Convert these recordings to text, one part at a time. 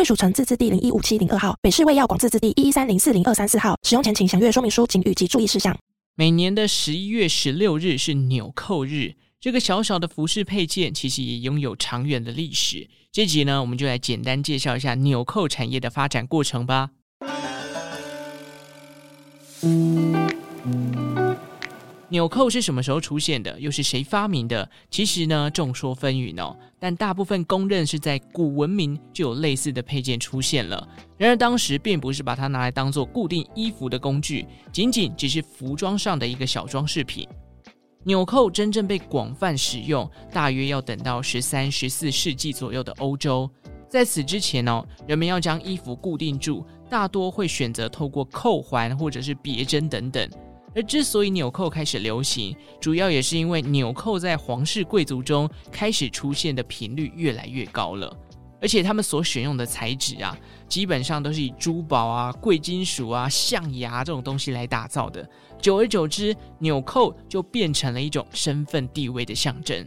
歸屬城自治地零一五七零二號，北市衛藥廣自治地一一三零四零二三四號。使用前請詳閱說明書、警語及注意事項。每年的十一月十六日是紐扣日，這個小小的服飾配件其實也擁有長遠的歷史。這集呢，我們就來簡單介紹一下紐扣產業的發展過程吧。嗯嗯紐扣是什麼時候出現的？又是誰發明的？其實呢，眾說紛紜哦。但大部分公認是在古文明就有類似的配件出現了。然而當時並不是把它拿來當做固定衣服的工具，僅僅只是服裝上的一個小裝飾品。紐扣真正被廣泛使用，大約要等到十三、十四世紀左右的歐洲。在此之前呢、哦，人們要將衣服固定住，大多會選擇透過扣環或者是別針等等。而之所以紐扣開始流行，主要也是因為紐扣在皇室貴族中開始出現的頻率越來越高了。而且他們所選用的材質啊，基本上都是以珠寶啊、貴金屬啊、象牙這種東西來打造的。久而久之，紐扣就變成了一種身份地位的象徵。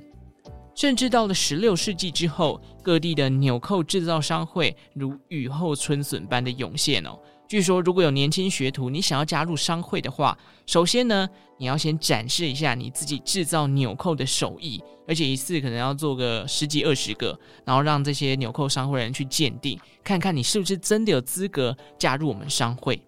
甚至到了十六世紀之後，各地的紐扣制造商會如雨後春筍般的湧現哦。據說，如果有年輕學徒，你想要加入商會的話，首先呢，你要先展示一下你自己製造紐扣的手藝，而且一次可能要做個十幾二十個，然後讓這些紐扣商會人去鑑定，看看你是不是真的有資格加入我們商會。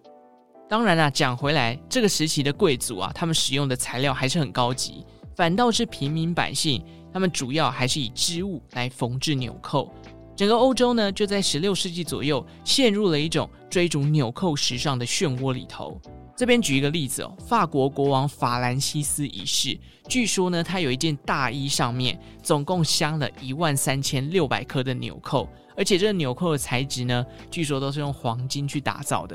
當然啦，講回來，這個時期的貴族啊，他們使用的材料還是很高級，反倒是平民百姓，他們主要還是以織物來縫製紐扣。整個歐洲呢，就在十六世紀左右陷入了一種追逐紐扣時尚的漩渦裡頭。這邊舉一個例子哦，法國國王法蘭西斯一世，據說呢，他有一件大衣上面總共鑲了一萬三千六百顆的紐扣，而且這個紐扣的材質呢，據說都是用黃金去打造的。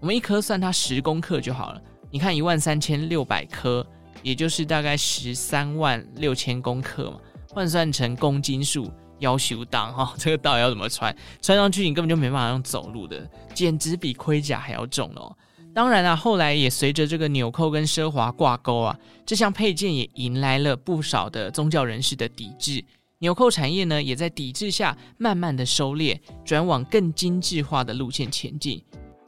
我們一顆算它十公克就好了，你看一萬三千六百顆，也就是大概十三萬六千公克嘛，換算成公斤數。要修當哈、哦，這個到底要怎麼穿？穿上去你根本就沒辦法用走路的，簡直比盔甲還要重哦。當然啊，後來也隨着這個紐扣跟奢華掛鈎啊，這項配件也迎來了不少的宗教人士的抵制。紐扣產業呢，也在抵制下慢慢的收斂，轉往更精緻化的路線前進。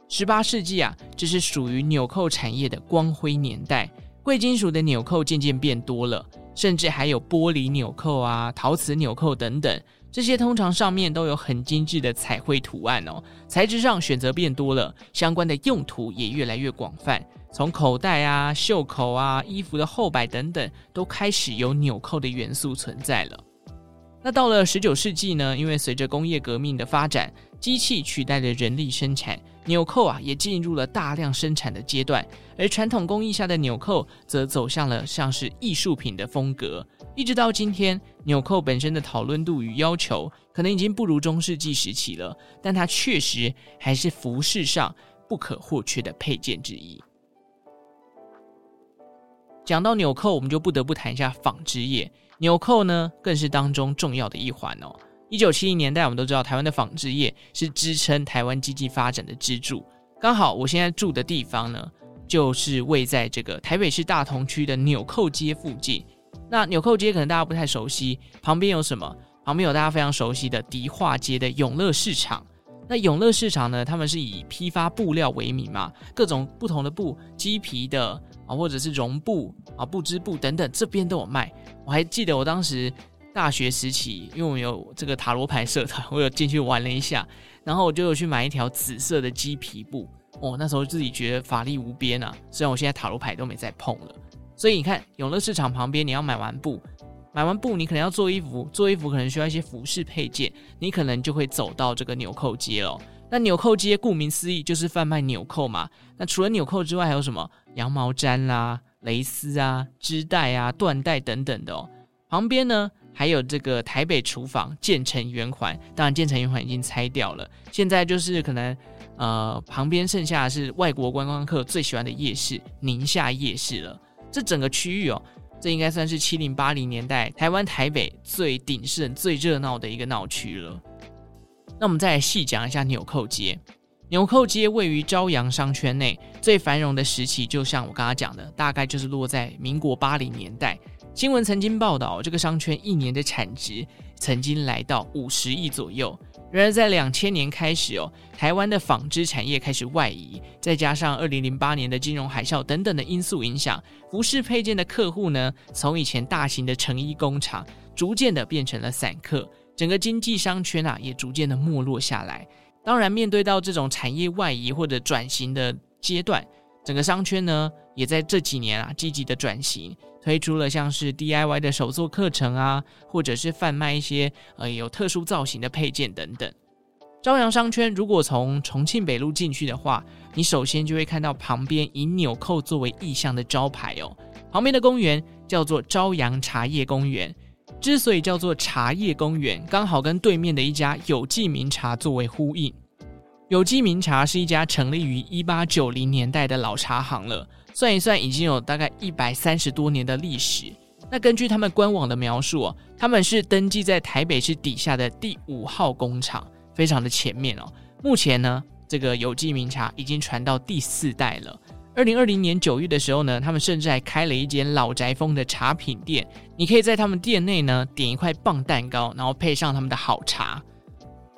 十八世紀啊，這是屬於紐扣產業的光輝年代，貴金屬的紐扣漸漸變多了。甚至還有玻璃紐扣啊、陶瓷紐扣等等，這些通常上面都有很精致的彩繪圖案哦。材質上選擇變多了，相關的用途也越來越廣泛，從口袋啊、袖口啊、衣服的後擺等等，都開始有紐扣的元素存在了。那到了十九世紀呢？因為隨着工業革命的發展，機器取代了人力生產。紐扣啊，也進入了大量生產的階段，而傳統工藝下的紐扣則走向了像是藝術品的風格。一直到今天，紐扣本身的討論度與要求可能已經不如中世紀時期了，但它確實還是服飾上不可或缺的配件之一。講到紐扣，我們就不得不談一下紡織業。紐扣呢，更是當中重要的一環哦。一九七零年代，我們都知道台灣的紡織業是支撐台灣經濟發展的支柱。剛好我現在住的地方呢，就是位在這個台北市大同區的鈕釦街附近。那鈕釦街可能大家不太熟悉，旁邊有什麼？旁邊有大家非常熟悉的迪化街的永樂市場。那永樂市場呢，他們是以批發布料為名嘛，各種不同的布，雞皮的啊，或者是絨布啊，不織布等等，這邊都有賣。我還記得我當時。大學時期，因為我有這個塔羅牌社團，我有進去玩了一下，然後我就有去買一條紫色的雞皮布哦。那時候自己覺得法力無邊啊，雖然我現在塔羅牌都沒再碰了。所以你看，永樂市場旁邊，你要買完布，買完布你可能要做衣服，做衣服可能需要一些服飾配件，你可能就會走到這個紐扣街哦。那紐扣街顧名思義就是販賣紐扣嘛。那除了紐扣之外，還有什麼羊毛氈啦、啊、蕾絲啊、織帶啊、緞帶、啊、等等的哦。旁邊呢？還有這個台北廚房建成圓環，當然建成圓環已經拆掉了，現在就是可能，呃，旁邊剩下的是外國觀光客最喜歡的夜市寧夏夜市了。這整個區域哦，這應該算是七零八零年代台灣台北最鼎盛、最熱鬧的一個鬧區了。那我們再來細講一下紐扣街。紐扣街位於朝陽商圈內，最繁榮的時期，就像我剛剛講的，大概就是落在民國八零年代。新聞曾經報道，這個商圈一年的產值曾經來到五十億左右。然而，在兩千年開始哦，台灣的紡織產業開始外移，再加上二零零八年的金融海嘯等等的因素影響，服飾配件的客戶呢，從以前大型的成衣工廠，逐漸的變成了散客，整個經濟商圈啊，也逐漸的沒落下來。當然，面對到這種產業外移或者轉型的階段，整個商圈呢，也在這幾年啊，積極的轉型。推出了像是 DIY 的手作課程啊，或者是販賣一些呃有特殊造型的配件等等。朝陽商圈，如果從重慶北路進去的話，你首先就會看到旁邊以紐扣作為意象的招牌哦。旁邊的公園叫做朝陽茶葉公園，之所以叫做茶葉公園，剛好跟對面的一家有記名茶作為呼應。有記名茶是一家成立於一八九零年代的老茶行了。算一算，已經有大概一百三十多年的歷史。那根據他們官網的描述哦，他們是登記在台北市底下的第五號工廠，非常的前面哦。目前呢，這個有記名茶已經傳到第四代了。二零二零年九月的時候呢，他們甚至還開了一間老宅風的茶品店，你可以在他們店內呢點一塊磅蛋糕，然後配上他們的好茶。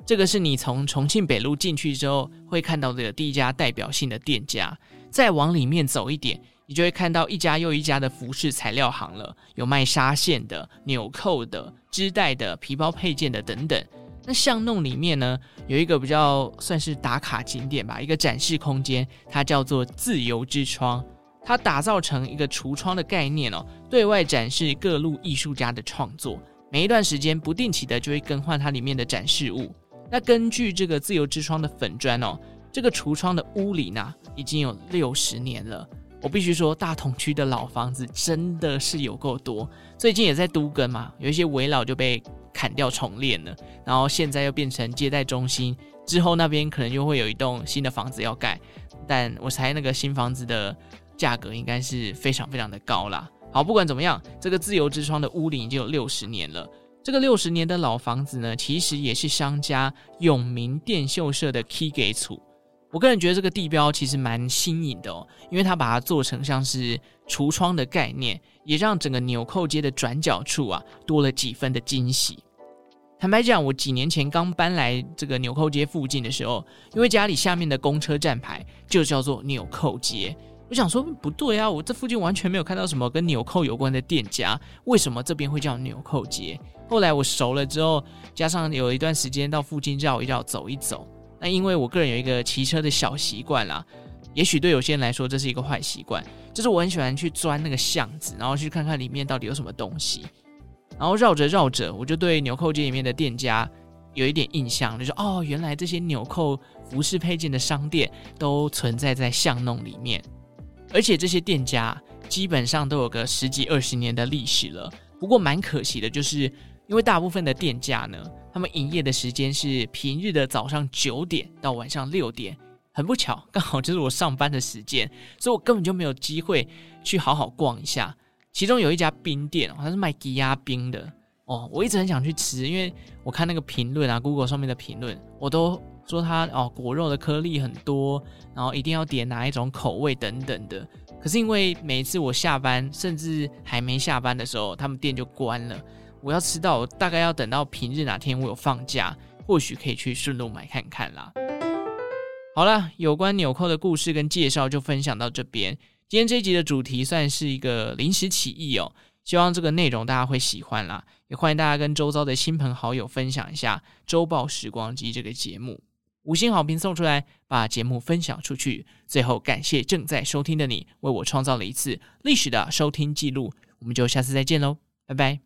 這個是你從重慶北路進去之後會看到的第一家代表性的店家。再往裡面走一點，你就會看到一家又一家的服飾材料行了，有賣紗線的、紐扣的、織帶的、皮包配件的等等。那巷弄裡面呢，有一個比較算是打卡景點吧，一個展示空間，它叫做自由之窗，它打造成一個櫥窗的概念哦，對外展示各路藝術家的創作，每一段時間不定期的就會更換它裡面的展示物。那根據這個自由之窗的粉磚粉專哦。這個櫥窗的屋裡呢，已經有六十年了。我必須說，大同區的老房子真的是有夠多。最近也在都更嘛，有一些危老就被砍掉重練了，然後現在又變成接待中心。之後那邊可能又會有一棟新的房子要蓋，但我猜那個新房子的價格應該是非常非常的高啦。好，不管怎麼樣，這個自由之窗的屋裡已經有六十年了。這個六十年的老房子呢，其實也是商家永明電秀社的 K 給處我個人覺得這個地標其實蠻新穎的哦，因為它把它做成像是櫥窗的概念，也讓整個紐扣街的轉角處啊多了幾分的驚喜。坦白講，我幾年前剛搬來這個紐扣街附近的時候，因為家裡下面的公車站牌就叫做紐扣街，我想說不對啊，我這附近完全沒有看到什麼跟紐扣有關的店家，為什麼這邊會叫紐扣街？後來我熟了之後，加上有一段時間到附近繞一繞，走一走。那因為我個人有一個騎車的小習慣啦，也許對有些人來說這是一個壞習慣，就是我很喜歡去鑽那個巷子，然後去看看裡面到底有什麼東西。然後繞着繞着，我就對紐扣街裡面的店家有一點印象，就是說，哦，原來這些紐扣服飾配件的商店都存在在巷弄裡面，而且這些店家基本上都有個十幾二十年的歷史了。不過蠻可惜的，就是因為大部分的店家呢。他們營業的時間是平日的早上九點到晚上六點。很不巧，剛好就是我上班的時間，所以我根本就沒有機會去好好逛一下。其中有一家冰店，哦，它是賣雞鴨冰的哦，我一直很想去吃，因為我看那個評論啊，Google 上面的評論，我都說它哦，果肉的顆粒很多，然後一定要點哪一種口味等等的。可是因為每次我下班，甚至還沒下班的時候，他們店就關了。我要遲到，大概要等到平日哪天我有放假，或許可以去順路買看看啦。好了，有關紐扣的故事跟介紹就分享到這邊。今天這一集的主題算是一個臨時起意哦、喔，希望這個內容大家會喜歡啦，也歡迎大家跟周遭的親朋好友分享一下《週報時光機》這個節目，五星好評送出來，把節目分享出去。最後感謝正在收聽的你，為我創造了一次歷史的收聽記錄。我們就下次再見嘍，拜拜。